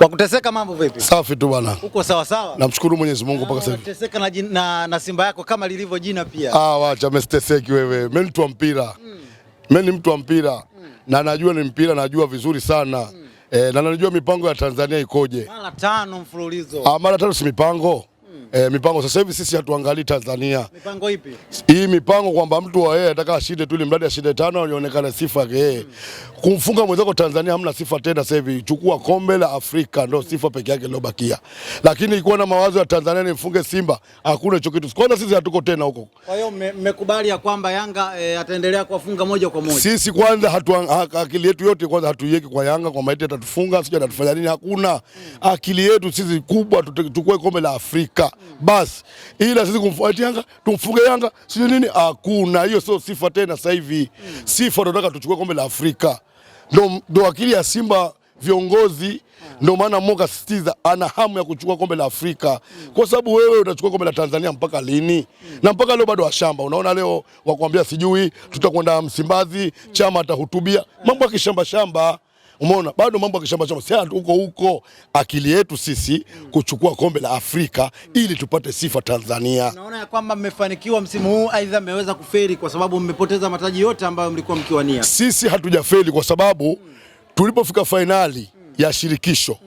Wakuteseka mambo vipi? Safi tu bwana. Uko sawa sawa? Namshukuru Mwenyezi Mungu mpaka ah, sasa. Unateseka na, na, na Simba yako kama lilivyo jina pia. Ah, wacha msiteseki wewe. Mimi ni mtu wa mpira. Mm. Mimi ni mtu wa mpira. Mm. Na najua ni mpira najua vizuri sana. Mm. Eh, na najua mipango ya Tanzania ikoje. Mara tano mfululizo. Ah, mara tano si mipango. E, mipango sasa hivi sisi hatuangalii Tanzania. Mipango ipi? Hii mipango kwamba mtu wa yeye ataka ashinde tu ili mradi ashinde tano aonekane sifa yake yeye. Hmm. Kumfunga mwenzako Tanzania hamna sifa tena sasa hivi. Chukua kombe la Afrika ndio sifa pekee yake iliyobakia. Lakini ikuwa na mawazo ya Tanzania ni mfunge Simba, hakuna hicho kitu. Kwanza sisi hatuko tena huko. Kwa hiyo mmekubali ya kwamba Yanga e, ataendelea kuwafunga moja kwa moja. Sisi kwanza hatu akili yetu yote kwanza hatuiweki kwa Yanga kwa maana atatufunga sija atatufanya nini hakuna. Hmm. Akili yetu sisi kubwa tuchukue kombe la Afrika. Hmm basi, ila sisi kumfuati Yanga tumfuge Yanga sio nini, hakuna hiyo. Sio sifa tena sasa hivi mm. Sifa tunataka tuchukue kombe la Afrika, ndo akili ya Simba viongozi ndio maana Moka sitiza ana hamu ya kuchukua kombe la Afrika mm. kwa sababu wewe utachukua kombe la Tanzania mpaka lini? mm. na mpaka leo bado washamba, unaona leo wakwambia sijui tutakwenda Msimbazi, Chama atahutubia mambo ya kishamba shamba Umeona bado mambo akishamba kishamba chama, sasa huko huko akili yetu sisi kuchukua kombe la Afrika ili tupate sifa Tanzania. Naona ya kwamba mmefanikiwa msimu huu, aidha mmeweza kufeli kwa sababu mmepoteza mataji yote ambayo mlikuwa mkiwania. Sisi hatujafeli kwa sababu tulipofika fainali ya shirikisho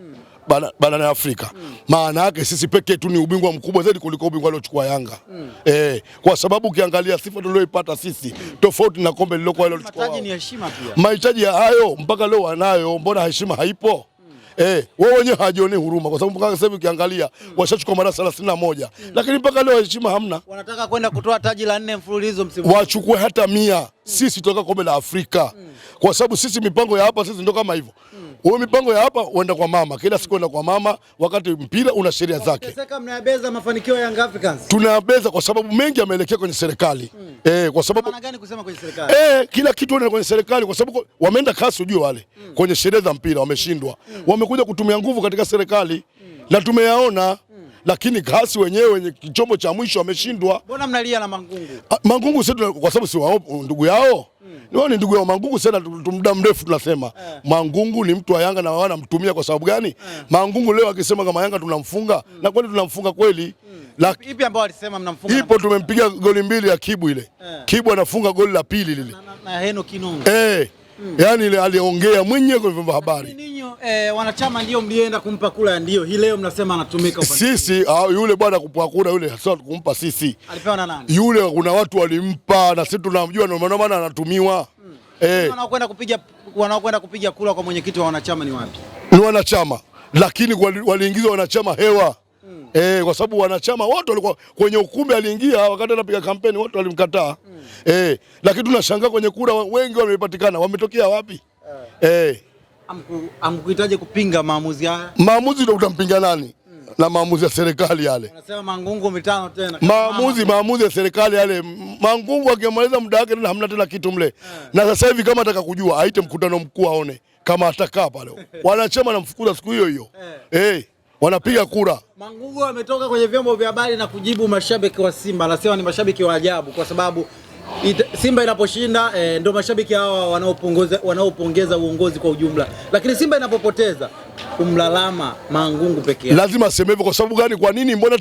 barani Afrika mm. Maana yake sisi peke tu ni ubingwa mkubwa zaidi kuliko ubingwa aliochukua Yanga mm. Eh, kwa sababu ukiangalia sifa tulioipata sisi mm. tofauti na kombe lilokuwa lilochukua. Mahitaji ni heshima pia. Mahitaji hayo mpaka leo wanayo, mbona heshima haipo? Mm. Eh, wao wenyewe hawajioni huruma kwa sababu mpaka sasa hivi ukiangalia mm. washachukua mara 31 mm. lakini mpaka leo heshima hamna. Wanataka kwenda kutoa taji la nne mfululizo msimu. Wachukue hata mia mm. sisi toka kombe la Afrika mm. kwa sababu sisi mipango ya hapa sisi ndio kama hivyo mm. Huyo mipango ya hapa huenda kwa mama, kila siku huenda kwa mama, wakati mpira una sheria zake. Mnayabeza mafanikio ya Young Africans, tunayabeza kwa sababu mengi yameelekea kwenye serikali mm. kwa sababu maana gani kusema kwenye serikali Eh, kila kitu anaenda kwenye serikali kwa sababu wameenda kasi, ujue wale hmm. kwenye sheria za mpira wameshindwa hmm. wamekuja kutumia nguvu katika serikali hmm. na tumeyaona lakini kasi wenyewe wenye kichombo cha mwisho wameshindwa. Mbona mnalia na Mangungu? Ah, Mangungu sisi kwa sababu si wao ndugu yao ni ndugu yao Mangungu sana, muda mrefu tunasema eh. Mangungu ni mtu wa Yanga na wanamtumia kwa sababu gani? Eh. Mangungu leo akisema kama Yanga tunamfunga mm. na kweli tunamfunga kweli. Mm. Ipi ambao alisema mnamfunga? Ipo, tumempiga goli mbili ya Kibu ile. Eh. Kibu anafunga goli la pili lile. Na Heno Kinunga. Eh. Mm. Yaani ile aliongea mwenyewe kwa vyombo habari eh, wanachama ndio mlienda kumpa kula, ndio hii leo mnasema anatumika upande. Sisi au ah, yule bwana kumpa kula yule sio kumpa sisi. Alipewa na nani? Yule kuna watu walimpa na sisi tunamjua ndio maana maana anatumiwa. Hmm. Eh. Wanaokwenda kupiga wanaokwenda kupiga kula kwa mwenyekiti wa wanachama ni wapi? Ni wanachama. Lakini waliingizwa wanachama hewa. Mm. Eh, kwa sababu wanachama wote walikuwa kwenye ukumbi, aliingia wakati anapiga kampeni wote walimkataa. Mm. Eh, lakini tunashangaa kwenye kura wengi wamepatikana, wametokea wapi? Eh. Eh amkuhitaji kupinga maamuzi haya? Maamuzi ndio utampinga nani? Hmm. Na maamuzi ya serikali yale. Unasema mangungu mitano tena. Maamuzi maamuzi ya serikali yale. Mangungu akimaliza muda wake tena hamna tena kitu mle. Hmm. Na sasa hivi kama ataka kujua aite mkutano mkuu aone kama atakaa pale. Wanachama namfukuza siku hiyo hiyo. Eh. Hey. Eh, wanapiga kura. Mangungu ametoka kwenye vyombo vya habari na kujibu mashabiki wa Simba. Anasema ni mashabiki wa ajabu kwa sababu It, Simba inaposhinda eh, ndio mashabiki hawa wanaopongeza wanaopongeza uongozi kwa ujumla, lakini Simba inapopoteza kumlalama Mangungu peke yake. Lazima aseme hivyo kwa sababu gani? Kwa nini? Mbona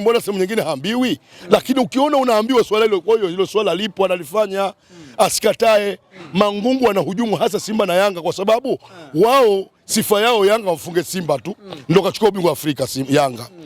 mbona sehemu nyingine haambiwi? hmm. Lakini ukiona unaambiwa swala hilo, kwa hiyo hilo swala lipo analifanya. hmm. Asikatae. hmm. Mangungu anahujumu hasa Simba na Yanga kwa sababu hmm. wao sifa yao Yanga wafunge Simba tu mm. ndo kachukua ubingwa wa Afrika sim, Yanga mm.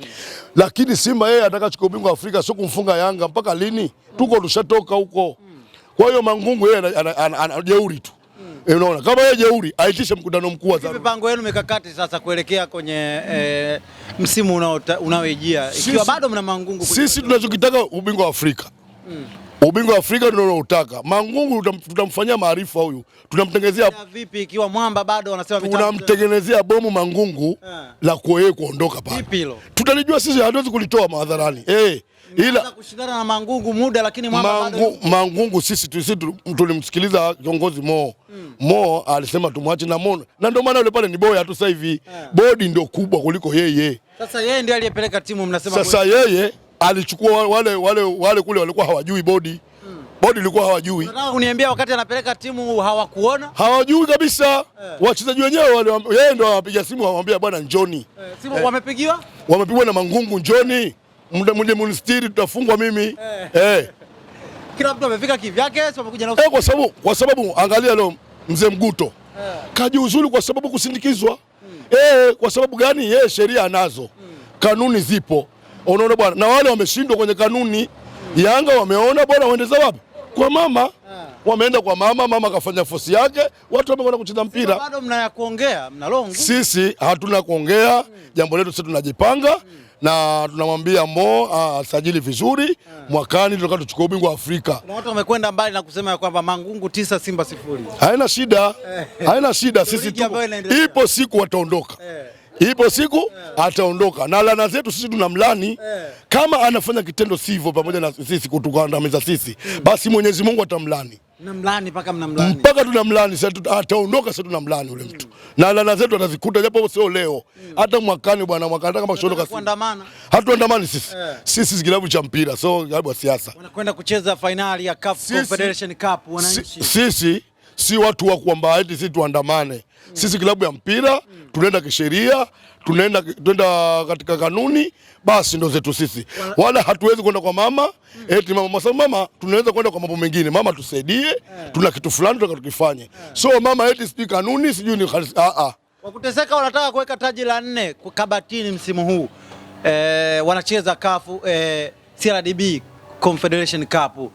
lakini Simba yeye anataka chukua ubingwa wa Afrika, sio kumfunga Yanga. Mpaka lini? mm. tuko tushatoka huko mm. kwa hiyo Mangungu yeye anajeuri tu mm. unaona, kama yeye jeuri aitishe mkutano mkuu sasa. Mipango yenu mikakati sasa kuelekea kwenye mm. e, msimu unaoijia ikiwa bado mna Mangungu, sisi tunachokitaka ubingwa wa Afrika mm. Ubingwa wa Afrika ndio tunaoutaka Mangungu, tutamfanyia maarifa huyu, tunamtengenezea vipi? Ikiwa mwamba bado wanasema tunamtengenezea bomu Mangungu yeah, la kwa yeye kuondoka pale. Vipi hilo tutalijua sisi, hatuwezi kulitoa madharani eh, Hey, ila kushindana na Mangungu muda, lakini mwamba Mangu, bado Mangungu sisi tu sisi tulimsikiliza kiongozi Mo Hmm. Mo alisema tumwache na Mo, na ndio maana yule pale ni boya tu sasa hivi yeah. Bodi ndio kubwa kuliko yeye. Sasa yeye ndiye aliyepeleka timu mnasema, sasa yeye alichukua wale, wale, wale kule walikuwa hawajui bodi mm. bodi ilikuwa hawajui. Unataka kuniambia wakati anapeleka timu hawakuona, hawajui kabisa eh. wachezaji wenyewe wale, yeye ndio anapiga simu anamwambia bwana njoni eh, simu eh. wamepigiwa wamepigwa na Mangungu, njoni mje mnistiri, tutafungwa mimi eh. Eh. Kila mtu amefika kivyake, sio amekuja na eh, kwa sababu kwa sababu angalia leo mzee Mguto eh. kajiuzulu kwa sababu kusindikizwa mm. eh, kwa sababu gani yeye sheria anazo mm. kanuni zipo unaona bwana, na wale wameshindwa kwenye kanuni. Yanga wameona bwana, waendeza wapi? Kwa mama, ah. wameenda kwa mama, mama akafanya fosi yake, watu wamekwenda kucheza mpira. Bado mna ya kuongea, mna longu. Sisi hatuna kuongea, hmm. jambo letu sisi tunajipanga hmm. na tunamwambia Mo ah, asajili vizuri hmm. mwakani, tunataka tuchukue ubingwa wa Afrika. Kuna watu wamekwenda mbali na kusema kwamba Mangungu tisa Simba sifuri. Haina shida, eh. haina shida, sisi tu ipo siku wataondoka. Eh ipo siku yeah. ataondoka, na lana zetu sisi tunamlani kama anafanya kitendo sivyo, pamoja na sisi kutukandamiza sisi, mm. basi Mwenyezi Mungu atamlani Mnamlani mpaka mnamlani. Mpaka tunamlani ataondoka sasa tunamlani ule mtu. Mm. Na lana zetu atazikuta japo sio leo. Mm. Hata mwakani bwana mwakani kama kushondoka sisi. Hatuandamani sisi. Yeah. Sisi si kilabu cha mpira, so kilabu ya siasa. Wanakwenda kucheza finali ya CAF Confederation Cup wananchi. Sisi si watu wa kwamba eti sisi tuandamane Sisi klabu ya mpira tunaenda kisheria, tunaenda tunaenda katika kanuni, basi ndo zetu sisi wala, hatuwezi kwenda kwa mama eti mama masa mama, tunaweza kwenda kwa mambo mengine, mama tusaidie tuna kitu fulani tunataka tukifanye so mama eti sijui kanuni sijui ni ah, ah. a a kuteseka, wanataka kuweka taji la nne kabatini msimu huu e, wanacheza kafu e, eh, CRDB Confederation Cup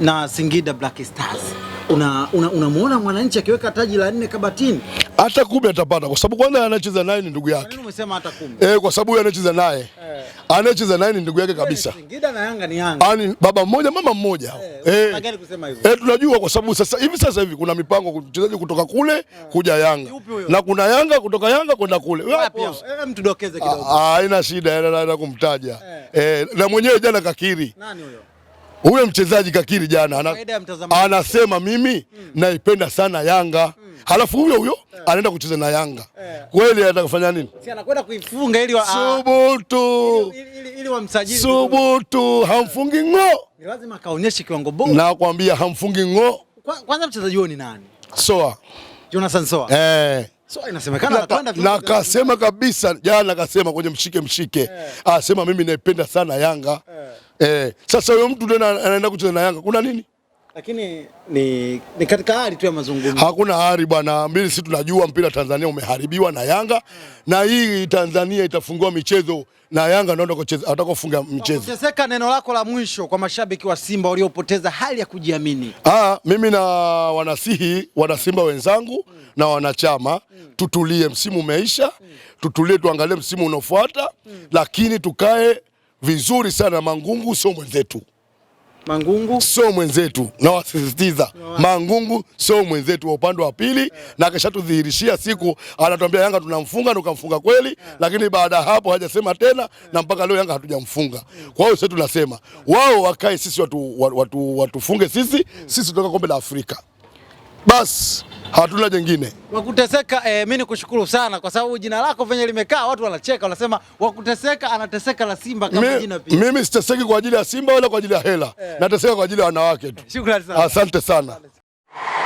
na Singida Black Stars unamwona una, una mwananchi akiweka taji la nne kabatini hata kumi atapata, kwa sababu kwanza anacheza naye ni ndugu yake. Umesema hata kumi eh, kwa sababu anacheza naye eh, anacheza naye ni ndugu yake kabisa. Singida na Yanga ni Yanga, yani baba mmoja mama mmoja eh, eh, kusema hivyo eh, tunajua kwa sababu sasa hivi sasa hivi kuna mipango mchezaji kutoka kule eh, kuja Yanga na kuna Yanga kutoka Yanga kwenda kule. Hebu ah, kidogo, haina shida, anaenda kumtaja eh. eh, na mwenyewe jana kakiri. Nani huyo? Huyo mchezaji kakiri jana ana, anasema mimi hmm. naipenda sana Yanga hmm. Halafu huyo huyo yeah. anaenda kucheza na Yanga yeah. Kweli anataka kufanya nini? Si anakwenda kuifunga ili wa ah. subutu, ili wamsajili subutu, hamfungi ng'o, ni lazima kaonyeshe kiwango bora. Nakwambia hamfungi ng'o. Kwanza mchezaji huyo ni nani? Soa, Jonathan Soa eh So, inasemekana na kasema kabisa jana, kasema kwenye mshike mshike, yeah. asema mimi naipenda sana Yanga yeah. Eh, sasa huyo mtu tena anaenda kucheza na Yanga. Kuna nini? Lakini ni, ni katika hali tu ya mazungumzo. Hakuna hali bwana, mbili si tunajua mpira Tanzania umeharibiwa na Yanga hmm. Na hii Tanzania itafungua michezo na Yanga ndio atakofunga mchezo. Uteseka, neno lako la mwisho kwa mashabiki wa Simba waliopoteza hali ya kujiamini. Ah, mimi na wanasihi wanasimba wenzangu hmm. na wanachama hmm. tutulie, msimu umeisha hmm. tutulie, tuangalie msimu unaofuata hmm. lakini tukae vizuri sana. Mangungu sio mwenzetu, Mangungu sio mwenzetu, nawasisitiza Mangungu sio mwenzetu wa upande wa pili yeah. Na akishatudhihirishia siku anatuambia Yanga tunamfunga na kweli yeah. Lakini baada ya hapo hajasema tena yeah. Na mpaka leo Yanga hatujamfunga yeah. Kwa hiyo sisi tunasema wao wakae, sisi watufunge watu, watu, sisi yeah. Sisi tutoka kombe la Afrika basi hatuna jengine. Wakuteseka eh, mimi nikushukuru sana kwa sababu jina lako venye limekaa watu wanacheka, wanasema Wakuteseka anateseka la Simba kama jina pia. Mimi siteseki kwa ajili ya Simba wala kwa ajili ya hela eh. Nateseka kwa ajili ya wanawake tu. Shukrani sana. Asante sana.